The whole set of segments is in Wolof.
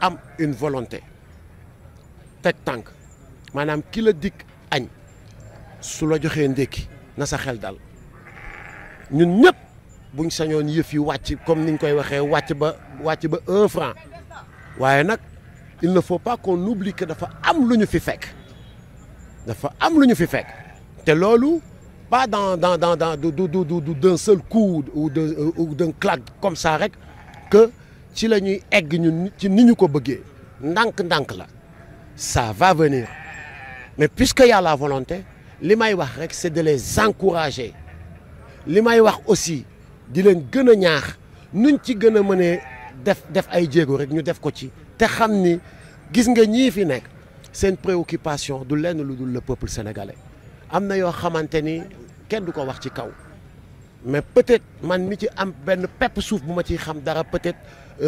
am une volonté teg tànk maanaam kilo dikk añ su la joxee ndékki na sa xel dal ñun ñëpp buñ sañoon yëf yi wàcc comme niñ koy waxee wàcc ba wàcc ba un franc waaye nag il ne faut pas qu'on oublie que dafa am lu ñu fi fekk dafa am lu ñu fi fekk te loolu pas dans dans dans dans du du du d'un seul coup euh, ou d'un claque comme ça rek que ci la ñuy egg ñu ci ni ñu ko bëggee ndànk-ndànk la sa va venir mais puisque y a la volonté li may wax rek c'est de les encourager li may wax aussi di leen gën a ñaax nuñ ci gën a mënee def def ay jéego rek ñu def ko ci te xam ni gis nga ñii fi nekk seen préoccupation du lenn lu dul le peuple sénégalais am na yoo xamante ni kenn du ko wax ci kaw mais peut-être man mi ci am benn pepp suuf bu ma ciy xam dara peut-être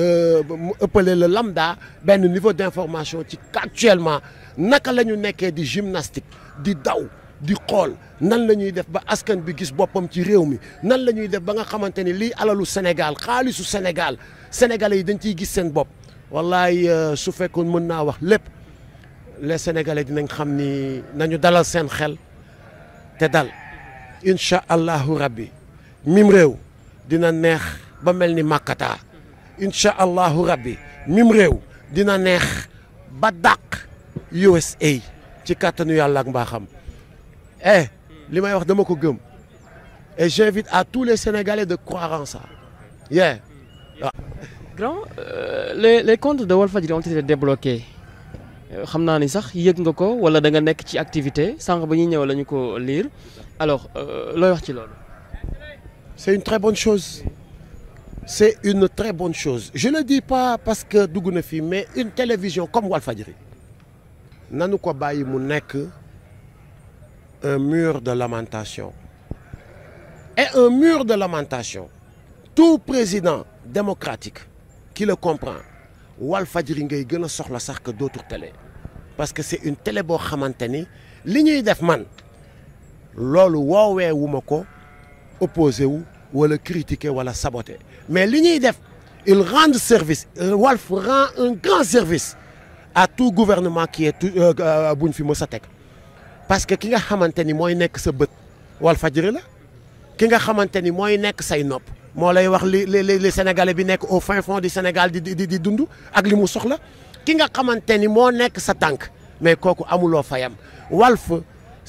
euh, mu ëppale la lambda benn niveau d'information ci actuellement naka la ñu nekkee di gymnastique di daw di xool nan la ñuy def ba askan bi gis boppam ci réew mi nan la ñuy def ba nga xamante ni lii alalu Sénégal xaalisu Sénégal sénégalais yi dañ ciy gis seen bopp wallaay euh, su fekkoon mën naa wax lépp les sénégalais dinañ xam ni nañu dalal seen xel te dal incha allahu rabbi mim réew dina neex ba mel ni màkkataa incha allahu rabbi mim réew dina neex ba dàq USA ci kàttanu yàlla ak mbaaxam eh li may wax dama ko gëm je j'invite à tous les Sénégalais de croire en ça yeah. Ah. Euh, les les comptes de Walfadjri ont été débloqués xam naa ni sax yëg nga ko wala da nga nekk ci activité sànq ba ñuy ñëw lañu ko liir alors euh, looy wax ci loolu. c'est une très bonne chose c'est une très bonne chose je le dis pas parce que dugg na fii mais une télévision comme Walfadjri nanu ko bàyyi mu nekk un mur de lamentation et un mur de lamentation tout président démocratique qui le comprend Walfadjri ngay gën a soxla sax que d'autres télé parce que c'est une télé boo xamante ni li ñuy def man loolu wooweewu ma ko opposé wu wala critiquer wala saboter mais li ñuy def ils rendent service Walf rend un grand service à tout gouvernement qui est euh, euh, buñ fi mës a teg parce que ki nga xamante ni mooy nekk sa bët Walfadjri la ki nga xamante ni mooy nekk say nopp moo lay wax li li li sénégalais bi nekk au fin fond du Sénégal di di di dund ak li mu soxla ki nga xamante ni moo nekk sa tànk mais kooku amuloo fayam Walf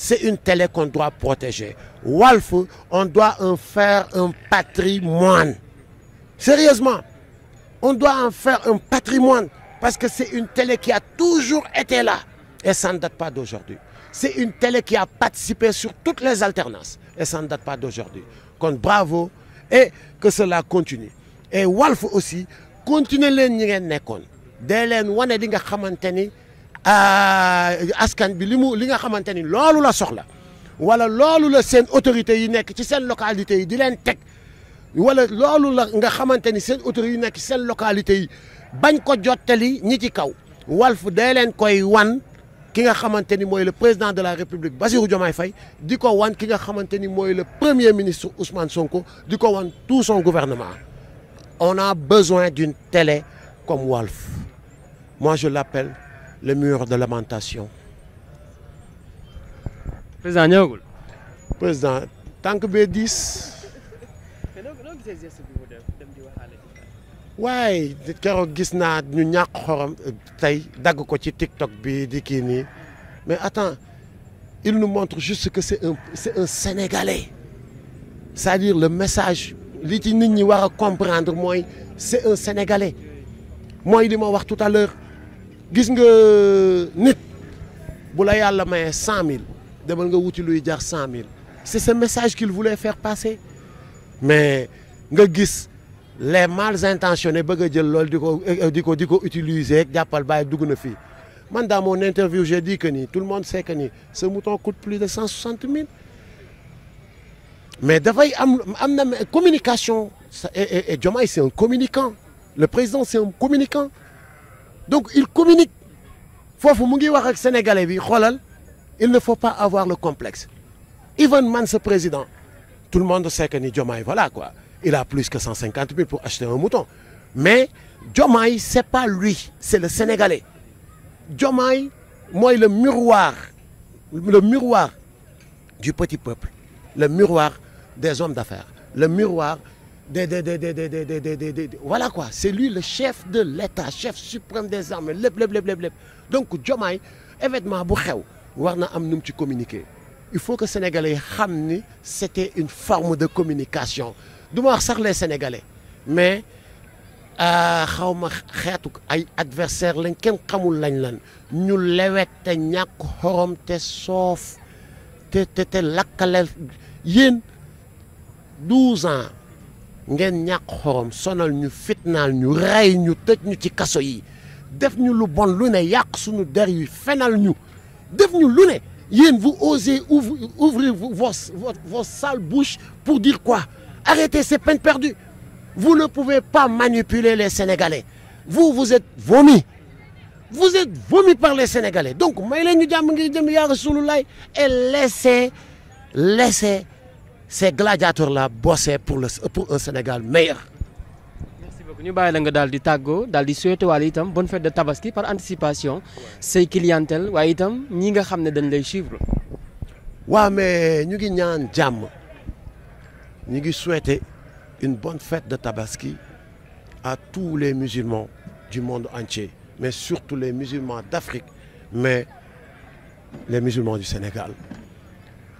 c'est une télé qu'on doit protéger. Walf, on doit en faire un patrimoine. Sérieusement, on doit en faire un patrimoine parce que c'est une télé qui a toujours été là et ça ne date pas d'aujourd'hui. C'est une télé qui a participé sur toutes les alternances et ça ne date pas d'aujourd'hui. Donc bravo et que cela continue. Et Walf aussi, continuez leen ñi ngeen nekkoon dee leen wane di nga xamante ni Euh, askan bi li mu li nga xamante ni loolu la soxla wala loolu la seen autorités yi nekk ci seen localités yi di leen teg wala loolu la nga xamante ni seen autorités yi nekk ci seen localité yi bañ ko jottali ñi ci kaw Walf day leen koy wan ki nga xamante ni mooy le président de la république Bassirou Diomaye fay di ko wan ki nga xamante ni mooy le premier ministre Ousmane Sonko di ko wan tout son gouvernement on a besoin d'une télé comme Walf moi je l'appelle le mur de lamentation. président ñëwagul. président tànk bee diis. waaye gis naa nu ñàkk xorom euh, tey dagg ko ci TikTok bi di kii nii mais attends il nous montre juste que c'est un c'est c'est-à-dire le message li ci nit ñi war a comprendre mooy c'est un sénégalais mooy li ma wax tout à l'heure gis nga nit bu la yàlla mais cent mille demal nga wuti luy jar cent mille c'est ce message qu'il voulait faire passer mais nga gis les mal intentionnés bëgg a jël loolu di ko euh, di ko di ko utiliser jàppal bàyyi dugg na fii man dans mon interview j'ai dit que ni tout le monde sait que ni ce mouton coûte plus de cent soixante mille mais dafay am am na communication et Diomaye c'est un communicant le président c'est un communicant donc il communique foofu mu ngi wax ak sénégalais bi xoolal il ne faut pas avoir le complexe Ivan Man sa président tout le monde sait que ni Diomaye voilà quoi il a plus que cent cinquante mille pour acheter un mouton mais Diomaye c'est pas lui c'est le sénégalais Diomaye mooy le miroir le miroir du petit peuple le miroir des hommes d'affaires le miroir des des des des des des des des voilà quoi c'est lui le chef de l'État chef suprême des armées lépp lépp lépp lépp lépp donc Diomaye événement bu xew war na am nu mu ci communiquer il faut que sénégalais yi xam ni c'était une forme de communication du ma wax sax les sénégalais mais euh, xaw ma xeetu ay adversaire lañ kenn xamul lañ lan ñu lewet te ñàkk xorom te soof te te te lakkaleel yéen douze ans. ngeen ñàkk xorom sonal ñu fitnaal ñu rey ñu tëj ñu ci kaso yi def ñu lu bon lu ne yàq suñu der yi fenal ñu def ñu lu ne yéen vous osez ouvrir ouvrir vos vos sales pour dire quoi arrêtez ces peines perdues vous ne pouvez pas manipuler les Sénégalais vous vous êtes vomi vous êtes vomi par les Sénégalais donc may leen ñu jàmm ngir jëm yaa Rasulullah et laissez laissez ces gladiateurs là bossaient pour le pour un Sénégal meilleur. merci beaucoup bàyyi la nga daal di tàggoo daal di souhaité waale itam bonne fête de tabaski par anticipation say clientèle waaye itam ñi nga xam ne dañ lay suivre. waaw mais ñu ngi ñaan jàmm ñu ngi souhaité une bonne fête de tabaski à tous les musulmans du monde entier mais surtout les musulmans d'Afrique mais les musulmans du Sénégal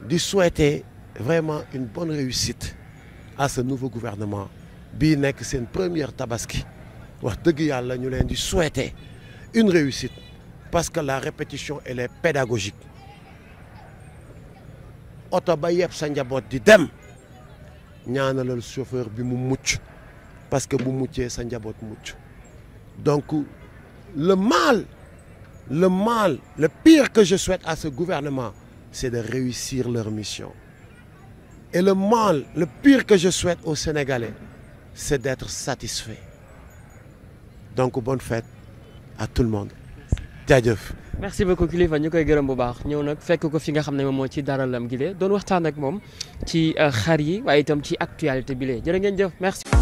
di souhaité. vraiment une bonne réussite à ce nouveau gouvernement bii nekk seen première tabaski wax dëgg yàlla ñu leen di souhaiter une réussite parce que la répétition elle est pédagogique oto ba yeb sa njaboot di dem ñaanalal chauffeur bi mu mucc parce que bu muccee sa njaboot mucc donc le mal le mal le pire que je souhaite à ce gouvernement c'est de réussir leur mission Et le mal, le pire que je souhaite aux Sénégalais, c'est d'être satisfait. Donc bonne fête à tout le monde. jaajëf. merci beaucoup kilifa ñu koy gërëm bu baax ñëw nag fekk ko fi nga xam ne moom moo ci dara lam gi lee doon waxtaan ak moom ci euh, xar yi waaye itam ci actualité bi le jërë ngeen jëf